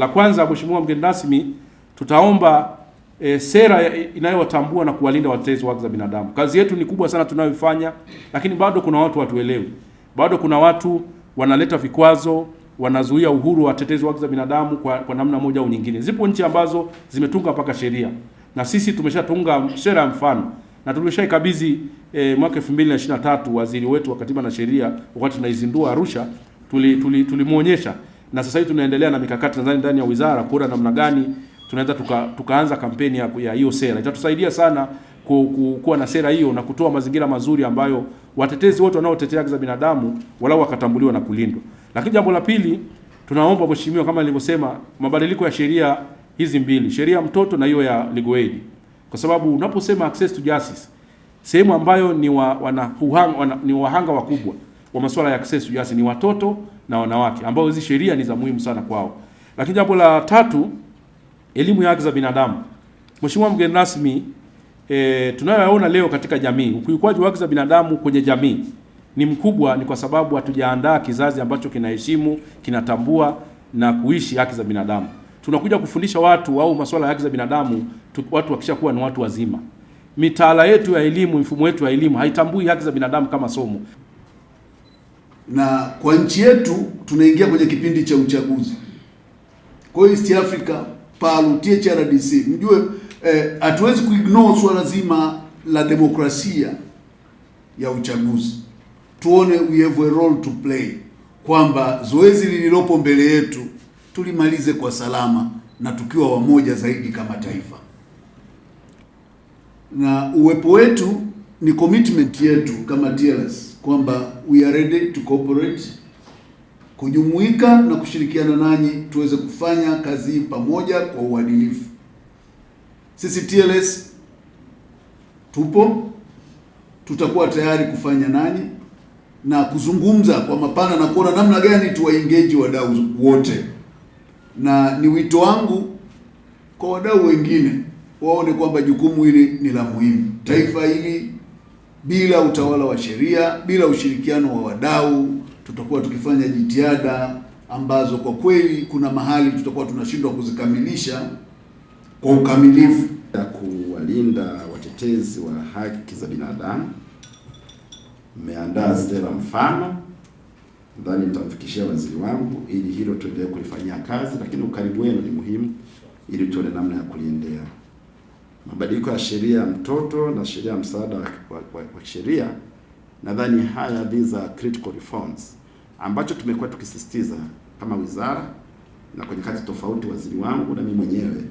La kwanza, Mheshimiwa mgeni rasmi, tutaomba e, sera inayowatambua na kuwalinda watetezi wa haki za binadamu. Kazi yetu ni kubwa sana tunayoifanya, lakini bado kuna watu watuelewi, bado kuna watu wanaleta vikwazo, wanazuia uhuru wa watetezi wa haki za binadamu kwa, kwa namna moja au nyingine. Zipo nchi ambazo zimetunga mpaka sheria na sisi tumeshatunga sera ya mfano na tulishaikabidhi e, eh, mwaka 2023 waziri wetu wa katiba na sheria, wakati tunaizindua Arusha, tulimwonyesha tuli, tuli na sasa hivi tunaendelea na mikakati nadhani ndani ya wizara kuona namna gani tunaweza tuka, tukaanza kampeni ya hiyo sera. Itatusaidia sana ku, ku, kuwa na sera hiyo na kutoa mazingira mazuri ambayo watetezi wote wanaotetea haki za binadamu walau wakatambuliwa na kulindwa. Lakini jambo la pili, tunaomba mheshimiwa, kama nilivyosema, mabadiliko ya sheria hizi mbili, sheria ya mtoto na hiyo ya legal aid, kwa sababu unaposema access to justice, sehemu ambayo ni, wa, wana, huhang, wana, ni wahanga wakubwa wa masuala ya access yasi ni watoto na wanawake ambao hizi sheria ni za muhimu sana kwao. Lakini jambo la tatu, elimu ya haki za binadamu. Mheshimiwa mgeni rasmi, e, eh, tunayoona leo katika jamii, ukiukwaji wa haki za binadamu kwenye jamii ni mkubwa, ni kwa sababu hatujaandaa kizazi ambacho kinaheshimu, kinatambua na kuishi haki za binadamu. Tunakuja kufundisha watu au masuala ya haki za binadamu tu, watu wakishakuwa ni watu wazima. Mitaala yetu ya elimu, mfumo wetu wa elimu haitambui haki za binadamu kama somo na kwa nchi yetu tunaingia kwenye kipindi cha uchaguzi. Kwa hiyo East Africa PALU, THRDC mjue eh, hatuwezi eh, kuignore swala zima la demokrasia ya uchaguzi. Tuone we have a role to play kwamba zoezi lililopo mbele yetu tulimalize kwa salama na tukiwa wamoja zaidi kama taifa, na uwepo wetu ni commitment yetu kama TLS kwamba we are ready to cooperate, kujumuika na kushirikiana nanyi tuweze kufanya kazi pamoja kwa uadilifu. Sisi TLS tupo, tutakuwa tayari kufanya nanyi na kuzungumza kwa mapana na kuona namna gani tuwaengeji wadau wote, na ni wito wangu kwa wadau wengine waone kwamba jukumu hili ni la muhimu. Taifa hili bila utawala wa sheria, bila ushirikiano wa wadau, tutakuwa tukifanya jitihada ambazo kwa kweli kuna mahali tutakuwa tunashindwa kuzikamilisha kwa ukamilifu. Ya kuwalinda watetezi wa haki za binadamu, mmeandaa Stella mfano, nadhani nitamfikishia waziri wangu ili hilo tuendelee kulifanyia kazi, lakini ukaribu wenu ni muhimu ili tuone namna ya kuliendea mabadiliko ya sheria ya mtoto na sheria ya msaada wa kisheria, nadhani haya these are critical reforms, ambacho tumekuwa tukisisitiza kama wizara na kwenye kati tofauti, waziri wangu na mimi mwenyewe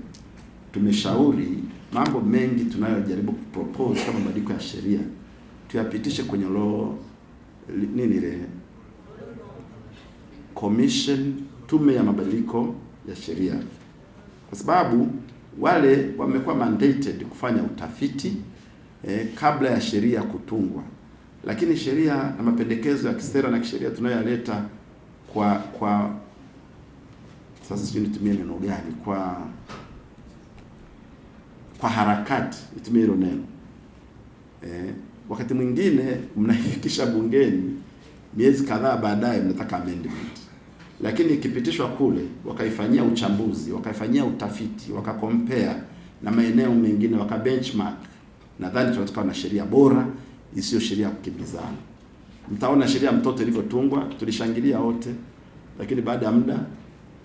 tumeshauri mambo mengi tunayojaribu kupropose kama mabadiliko ya sheria tuyapitishe kwenye law nini ile commission, tume ya mabadiliko ya sheria, kwa sababu wale wamekuwa mandated kufanya utafiti eh, kabla ya sheria kutungwa, lakini sheria na mapendekezo ya kisera na kisheria tunayoyaleta kwa kwa sasa, sijui nitumie neno gani, kwa kwa harakati nitumie hilo neno eh, wakati mwingine mnaifikisha bungeni miezi kadhaa baadaye mnataka amendment lakini ikipitishwa kule, wakaifanyia uchambuzi, wakaifanyia utafiti, wakakompea na maeneo mengine, waka benchmark, nadhani tunaweza na sheria bora isiyo sheria ya kukimbizana. Mtaona sheria mtoto ilivyotungwa, tulishangilia wote, lakini baada ya muda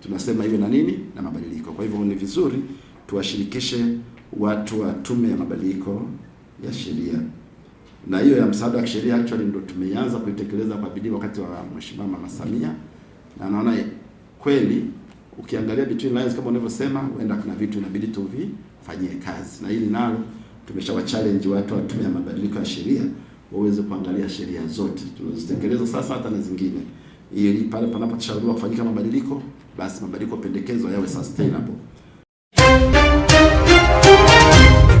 tunasema hiyo na nini na mabadiliko. Kwa hivyo ni vizuri tuwashirikishe watu wa tume ya mabadiliko ya sheria, na hiyo ya msaada wa kisheria actually ndio tumeanza kuitekeleza kwa bidii wakati wa Mheshimiwa Mama Samia na naona kweli ukiangalia between lines kama unavyosema, huenda kuna vitu inabidi tuvifanyie kazi, na hili nalo tumeshawa challenge watu wa tume ya mabadiliko ya sheria waweze kuangalia sheria zote tunazozitekeleza sasa hata na zingine, ili pale panaposhauriwa kufanyika mabadiliko, basi mabadiliko pendekezo yawe sustainable.